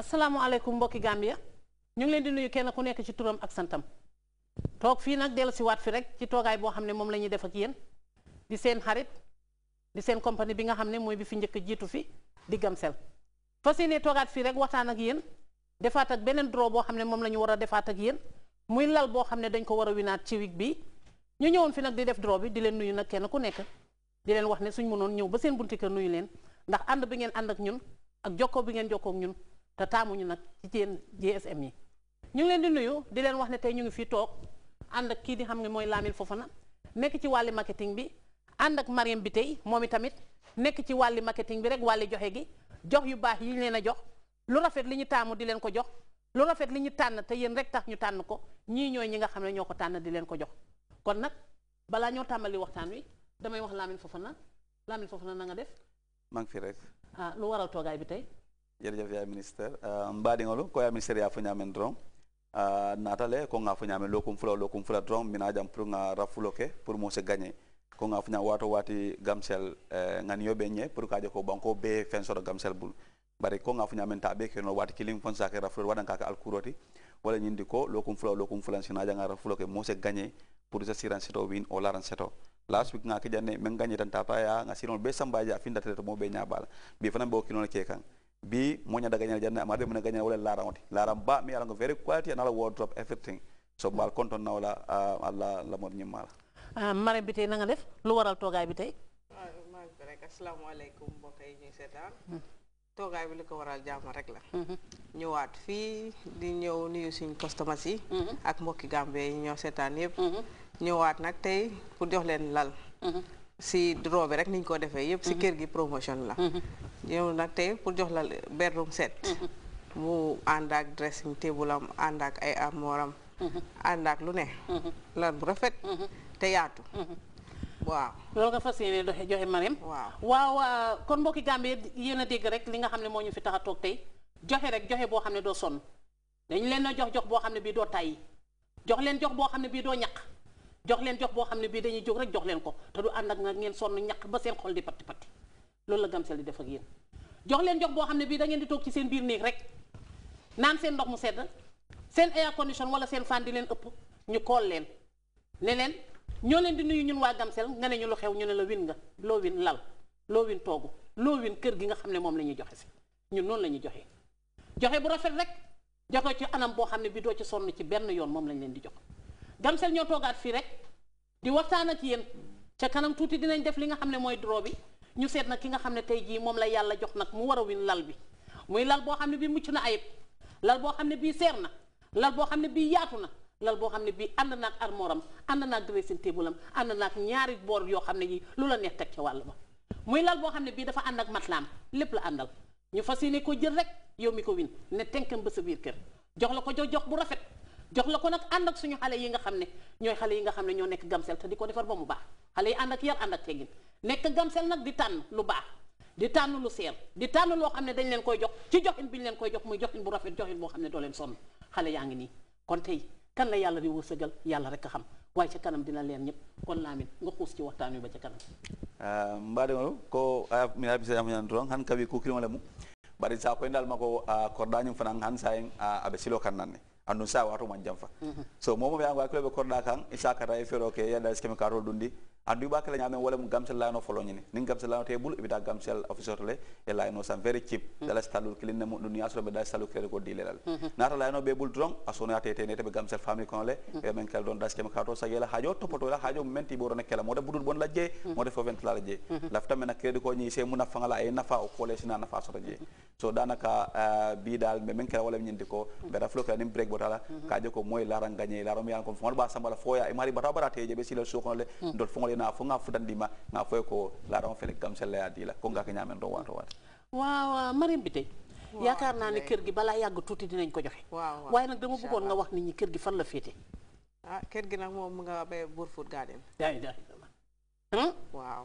asalaamaaleykum mbokki Gambia ñu ngi leen di nuyu kenn ku nekk ci turam ak santam toog fii nag dellu si fi rek ci toogaay boo xam ne moom la ñuy def ak yéen di seen xarit di seen compagnie bi nga xam ne mooy bi fi njëkk jiitu fi di Gamcel fas yéene toogaat fii rek waxtaan ak yéen defaat ak beneen draw boo xam ne moom la ñu war a defaat ak yéen muy lal boo xam ne dañ ko war a winaat ci week bi ñu ñëwoon fi nag di def draw bi di leen nuyu nag kenn ku nekk di leen wax ne suñ mënoon ñëw ba seen bunti nuyu leen ndax ànd bi ngeen ànd ak ñun ak jokkoo bi ngeen jokkoo ak ñun te taamuñu nag ci seen GSM yi ñu ngi leen di nuyu di leen wax ne tey ñu ngi fi toog ànd ak kii di xam ne mooy Lamine Fofana nekk ci wàlli marketing bi ànd ak Mariam bi tey moom tamit nekk ci wàlli marketing bi rek wàlli joxe gi jox yu baax yi ñu leen a jox lu rafet li ñu taamu di leen ko jox lu rafet li ñu tànn te yéen rek tax ñu tànn ko ñii ñooy ñi nga xam ne ñoo ko tànn di leen ko jox kon nag balaa ñoo tàmbali waxtaan wi damay wax Lamine Fofana Lamine Fofana na nga def. maa ngi fi rek. Ah, lu waral toogaay bi tey. jerejef ya ministére ah, mbaɗiŋolu ko ya ministére yaa fo ñamen doron ah, natale ko nga fo ñamen lokum fula lokum fula doron mina jam pour nga rafulo ke pour mo se gagné ko nga fo ña wato wati gamsel ŋaniyo eh, be ñe pour kaje ko banko be fen soto gamsel bul bari ko nga fo ñamen ta be keno wati kilim fon sake rafulo waɗan kake alkuroti wala ñindi ko lokum fula lokum fula sina janga rafulo ke mo se gagné pour sa siran seto win o laran seto last week nga ke janne men gagné tan tata paya nga siron be sambaji a findatete to mo be ñabala bi fana be o kinol ke kan bi moñada gañana janna ama ɓe mona gañana wala laraŋoti laraŋ ba mi alaŋko very quality anala wardrop everything so mbal konton nawla allah ah, lamor ñimmala ah, mara bi tey na def lu waral toogaay bi tey ah, maa ngi rek bi li ko waral jàmm la mm-hmm. ñëwaat fii di ñëw nuyu suñ customers yi mm-hmm. ak mbokki Gambie yi ñoo seetaan yëpp mm-hmm. ñëwaat nag tey pour jox leen lal si droo bi rek niñ ko defee yëpp si kër gi promotion la ñëw nag tey pour jox la bedroom seet mm-hmm. mu ànd ak dressing table am ànd ak ay armoire am mm-hmm. ànd ak lu ne mm-hmm. lan bu rafet te yaatu waaw loolu nga fas yéene doxe joxe Mariam waaw waaw kon mbokki Gambie yéen a dégg rek li nga xam ne moo ñu fi tax toog tey joxe rek joxe boo xam ne doo sonn dañ leen a jox jox boo xam ne bii doo tàyyi jox leen jox boo xam ne bii doo ñaq jox leen jox boo xam ne bii dañuy jóg rek jox leen ko te du ànd ak nga ngeen sonn ñaq ba seen xol di patti patti loolu la Gamcel di def ak yéen jox leen jox boo xam ne bii da ngeen di toog ci seen biir néeg rek naan seen ndox mu sedd seen air condition wala seen fan di leen ëpp ñu kool leen ne leen ñoo leen di nuyu ñun waa Gamcel nga ne ñu lu xew ñu ne la win nga loo win lal loo win toogu loo win kër gi nga xam ne moom la ñuy joxe si ñun noonu la ñuy joxe joxe bu rafet rek joxe ci anam boo xam ne bii doo ci sonn ci benn yoon moom lañ leen di jox Gamcel ñoo toogaat fii rek di waxtaan ak yéen ca kanam tuuti dinañ def li nga xam ne mooy dro bi ñu seet nag ki nga xam ne tey jii moom la yàlla jox nag mu war a win lal bi muy lal boo xam ne bii mucc na ayib lal boo xam ne bii seer na lal boo xam ne bii yaatu na lal boo xam ne bii ànd naag armoram ànd naag dressing table am ànd naag ñaari boor yoo xam ne yi lu la neex teg ca wàll ma muy lal boo xam ne bii dafa ànd ak matlaam lépp la àndal ñu fas ne ko jël rek yow mi ko win ne tenkam ba sa biir kër jox la ko jox jox bu rafet jox la ko nag ànd ak suñu xale yi nga xam ne ñooy xale yi nga xam ne ñoo nekk gamsel te di ko defar ba mu baax xale yi ànd ak yar ànd ak teggin nekk gamsel nag di tànn lu baax di tànn lu seer di tànn loo xam ne dañ leen koy jox ci joxin bi leen koy jox muy joxin bu rafet joxin xam ne doo leen xale yaa ngi nii kon tey kan la yàlla di wërsëgal yàlla rek a xam waaye ca kanam dina leen ñëpp kon laamin nga xuus ci waxtaan wi ba ca kanam euh, mbaɗegol ko ah, mina bisa ñan toon han kawi kukirimo le mum mbaɗi sa koye ndal makko ah, kordañum fanan han sayen aɓe ah, silo kannanne andu sa wato man jamfa so momo be angwa ko be korda kan isa kata e fero yalla skemi karol dundi andu ɓakele ñamen wolemo gamsel layno foloñini nin gamsel layno tebul ibita gamsel officier le e layno sam very cheap mm. dala stalul kilinne mum ɗum niyasoɗo a le ɓe mm-hmm. men kel ɗon daskema kato sagela haajo toppotola haajo mum men tiɓorone kela mode budul bon la jeye mm-hmm. a mm-hmm. ko ñi se mu nafangala e nafa o ko ɓeɗa flo kela nin break botala kajo ko moye laran gagné laran mi yan kom fogol ɓa sambala foya e mari bataw baɗa teje ɓe silal sokonole dol fogol e na fo nga futandima nga foye ko laran fele gamsella ya dila ko nga ka ñamen ɗon wato wat waaw marim bi tey yaakaar naa ne kër gi balaa yàgg tuuti dinañ ko joxe waaye nag dama bëggoon nga wax nit ñi kër gi fan la féete ah kër gi nag moom mu nga bay Brufut Garden yaa hmm? waaw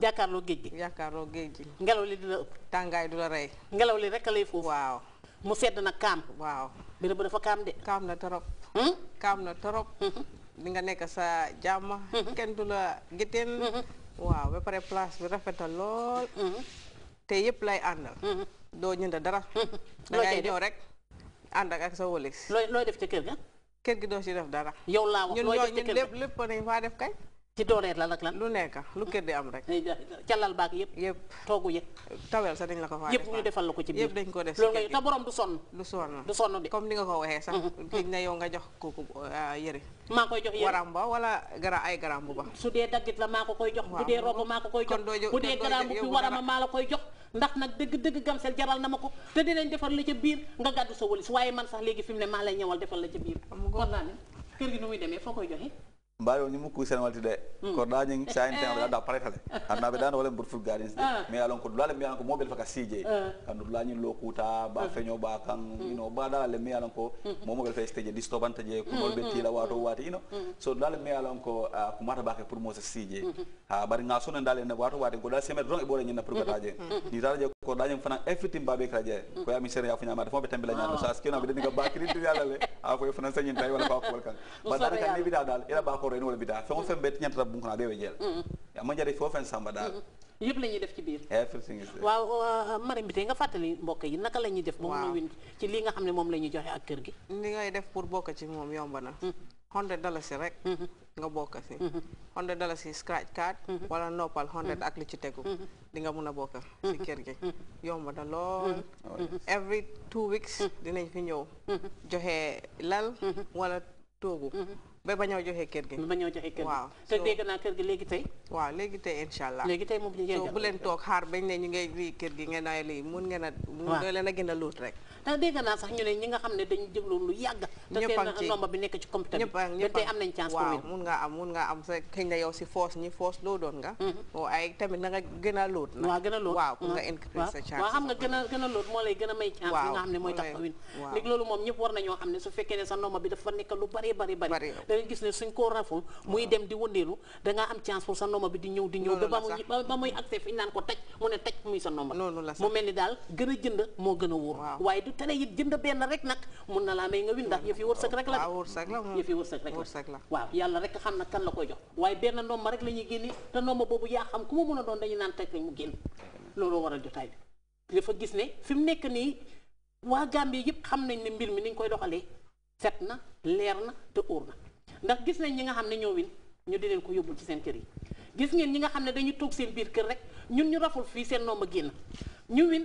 jàkkaarloo géej gi jàkkaarloo géej gi ngelaw li dina ëpp tàngaay du la rey ngelaw li rek a lay foofu waaw mu sedd na kaam waaw bërëb dafa kaam de kaam na torop hmm? kaam na torop hmm, di nga nekk sa jàmm. kenn du la gétteen waaw ba pare place bi rafeta lool te yëpp lay àndal doo ñënd dara dangay ñëw rek ànd ak ak sa wólis looy def ca kër kër gi doo ci def dara yow laa wax looy def ñun lépp lépp nañ faa def kay ci dooleet la nag lan lu nekk lu kër di am rek. calal baak yëpp. yëpp toogu yëpp. tawel sax dañ la ko faa yëpp ñu defal la ko ci biir yëpp dañ def loolu nga te borom du sonn. du sonn du sonn de. comme ni ko waxee mm-hmm, mm-hmm. Euh, maa koy jox yëre waram ba wala gara ay garam bu ba. su dee daggit la maa ko jox. bu koy jox bu maa la koy jox. ndax nag dëgg dëgg gamsel jaral na ma ko te dinañ defar la ca biir nga gàddu sa waaye man sax léegi fi mu ne maa lay ñëwal defal la ca biir. kon naa kër gi nu muy demee foo koy joxe mbayo ni ko sen walti de hmm. ko dañi sain tan eh. da pare tale anna be dan wala mbur ful de ah. me alon ko dulale mi ko mobile faka sije ah. kan dulani lokuta ba hmm. feño ba kan ino hmm. ba dalale me alon ko mo mobile fe stage distobante je ko dolbe tila wato wati ino so dulale me alon ko ah, ko mata ba ke pour mo se sije ha bari nga sonen dalen ne wato wati ko da semet ron e bore na pour gataje ni je ko dañi fana effective babe kraje ko ya mi sere ya funya mata fo be la nyaano sa skena be de ni ga bakri dilale a ko fana sanyin tay wala ba ko kan ba dara kan ni bi dal ila ba ko wuro ene wona bida fewo a ɓeewe jeela amma la ñuy def ci biir waaw euh, Marième bi tey nga fàttali mbokk yi naka la ñuy def moom ñu win ci lii nga xam ne moom la ñuy joxe ak kër gi li ngay def pour bokk ci moom yomb na mm-hmm. hundred dalasi rek mm-hmm. nga bokk si mm-hmm. hundred scratch card wala noppal hundred ak li ci tegu di nga mun a bokk ci kër gi yomb na lool every two weeks dinañ fi ñëw joxe lal wala toogu ba ba ñoo joxe kër gi. ba ñoo joxe kër gi waaw léegi tey. waaw léegi tey incha allah léegi tey moom ñu ngi bu leen toog xaar bañ ne ñu ngay lii kër gi ngeen ay a. waaw leen a gën a luut rek. naa sax ñu ne ñi nga xam ne dañu jëglu lu yàgg. a ci nomba bi nekk ci computer bi. ñëpp a ñëpp tey nga am mun nga am sa xëy na yow si force ñi force loo doon nga. Mhm. tamit na nga gën a luut. waaw gën a luut waaw pour nga mhm. increase sa chance. waaw xam a gën a luut moo lay a may chance. waaw nga xam ne mooy tax win léegi loolu moom ñëpp war nañoo xam ne su fekkee ne sa nomba bi dafa nekk lu bari bari bari day gis ne suñ ko raful muy dem di wëndeelu dangaa am chance pour sa nomba bi di ñëw di ñëw ba ba muy accès fi naan ko taj mu ne taj muy sa nomba mu mel ni daal gën a jënd moo gën a wóor waaye du tere jënd benn rek nag mun na laa may nga win ndax yëf yi wërsëg rek la yëf yi wërsëg rek la waaw yàlla rek xam na kan la koy jox waaye benn nomba rek la ñuy génne te nomba boobu yaa xam ku mu mën a doon dañu naan taj rek mu génn looloo a jotaay bi dafa gis ne fi mu nekk nii waa Gambie yëpp xam nañ ne mbir mi ni ñu koy doxalee set na leer na te óor na ndax gis nañ ñi nga xam ne ñoo win ñu di ko yóbbul ci seen kër yi gis ngeen ñi nga xam ne dañu toog seen biir kër rek ñun ñu raful fii seen nomba génn ñu win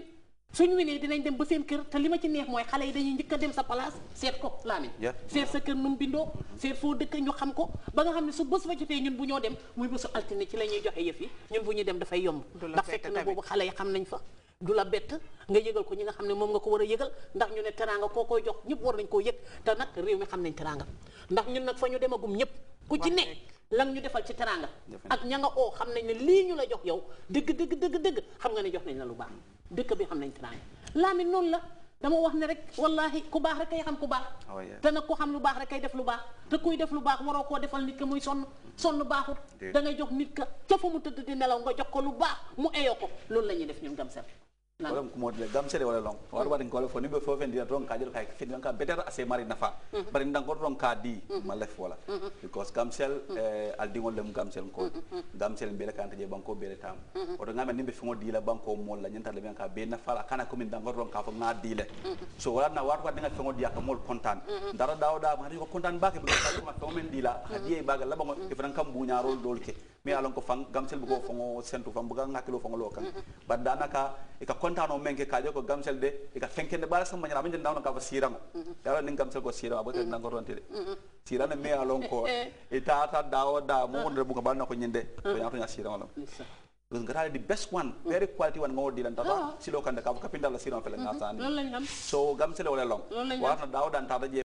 suñ winee dinañ dem ba seen kër te li ma ci neex mooy xale yi dañuy njëkk a dem sa place seet ko laamin seet sa kër nu mu bindoo seet foo dëkk ñu xam ko ba nga xam ne su bés fa jotee ñun bu ñoo dem muy bésu altine ci la ñuy joxe yëf yi ñun bu ñuy dem dafay yomb ndax fekk na boobu xale yi xam nañ fa du la bett nga yëgal ko ñi nga xam ne moom nga ko war a yëgal ndax ñu ne teraanga koo koy jox ñëpp war nañ koo yëg te nag réew mi xam nañ teraanga ndax ñun nag fa ñu demagum ñëpp ku ci ne lan ñu defal ci teraanga ak ña nga oo xam nañ ne lii ñu la jox yow dëgg dëgg dëgg dëgg xam nga ne jox nañ la lu baax dëkk bi xam nañ teraanga laamin noonu la dama wax ne rek wallahi ku baax rek kay xam ku baax oh, te nag ku xam lu baax rek kay def lu baax te kuy def lu baax waroo koo defal nit muy sonn sonn baaxut da ngay jox nit ca fa mu tëdd nelaw nga jox ko lu baax mu eyoo ko loolu la ñuy def ñun gamsel wala kumotile gamsele wala long wala waɗi gole fo ni ɓe fof en ndina toon kaƴol kay fini ka betere ase mari nafa mm-hmm. bari dangoto toon ka di mm-hmm. malef wala mm-hmm. because gamsel eh, aldigol lem gamsel ko gamsel mbele kan je banko bele tam oto ngame ni ɓe figo diila banko mol la ñantale ɓen ka be nafala kana komin dangoto toon ka fo ga le so wala na wato waɗenga figo diya ka mol contane dara dawoɗama haɗi ko contane bake ɓe ma figo men diila ha diye baga laɓago e fotan kam mbuñarol dol ke mi alon ko fang gamsel bugo fongo sentu fam buga ngakilo fongo lokan bar danaka e ka kontano men ke kaje ko gamsel de e ka fenkende bala sam manyana men ndawno ka fa sirango dara nin gamsel ko sira abata mm-hmm. nan mm-hmm. ko ronte de sirana mi alon ko e tata dawo da mo wonde mm-hmm. buga balna ko nyinde ko nyato nya sirango lam Because ngara the best one, very quality one ngodi dan tata ah. silo kan da ka kapinda la sirango fele ngatani. So gamsel wala long. Warna dawo dan tata je